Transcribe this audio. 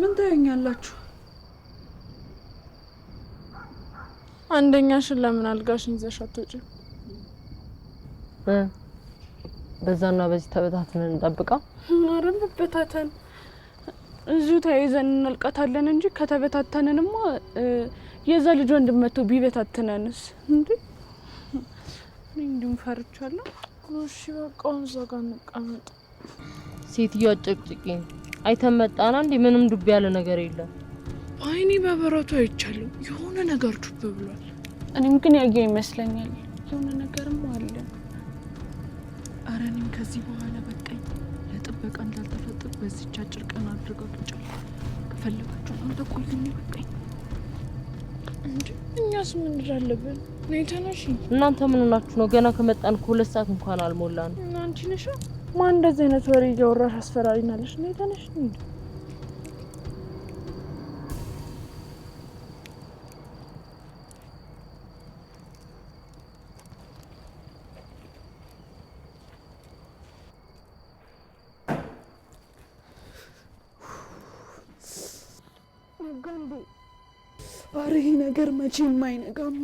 ምን አንደኛ አንደኛሽን ለምን አልጋሽን ይዘሽ አትወጪም? በዛና በዚህ ተበታትነን እንጠብቃ። አረም በታተን እዚሁ ተያይዘን እናልቃታለን እንጂ ከተበታተንንማ የዛ ልጅ ወንድም መቶ ቢበታትነንስ? እንዴ እንዲሁም ፈርቻለሁ። እሺ በቃ እዛ ጋር እንቀመጥ። ሴትዮዋ አይተን መጣና እንዴ ምንም ዱብ ያለ ነገር የለም። አይኔ በበረቱ አይቻለሁ። የሆነ ነገር ዱብ ብሏል። እኔም ግን ያየ ይመስለኛል። የሆነ ነገርም አለ። አረ እኔም ከዚህ በኋላ በቃኝ። ለጥበቃ እንዳልተፈጥር በዚህች አጭር ቀን አድርገው ብቻል ከፈለጋችሁ አንተ ቆይኝ። በቃኝ እኛስ ምን እንዳለብን ነው። ተነሽ እናንተ ምን ሆናችሁ ነው? ገና ከመጣን ከሁለት ሁለት ሰዓት እንኳን አልሞላን። እናንቺ ነሽ ማን እንደዚህ አይነት ወሬ እያወራሽ አስፈራሪናለሽ? እኔ ተነሽ እንሂድ። አረ ይሄ ነገር መቼም አይነጋም።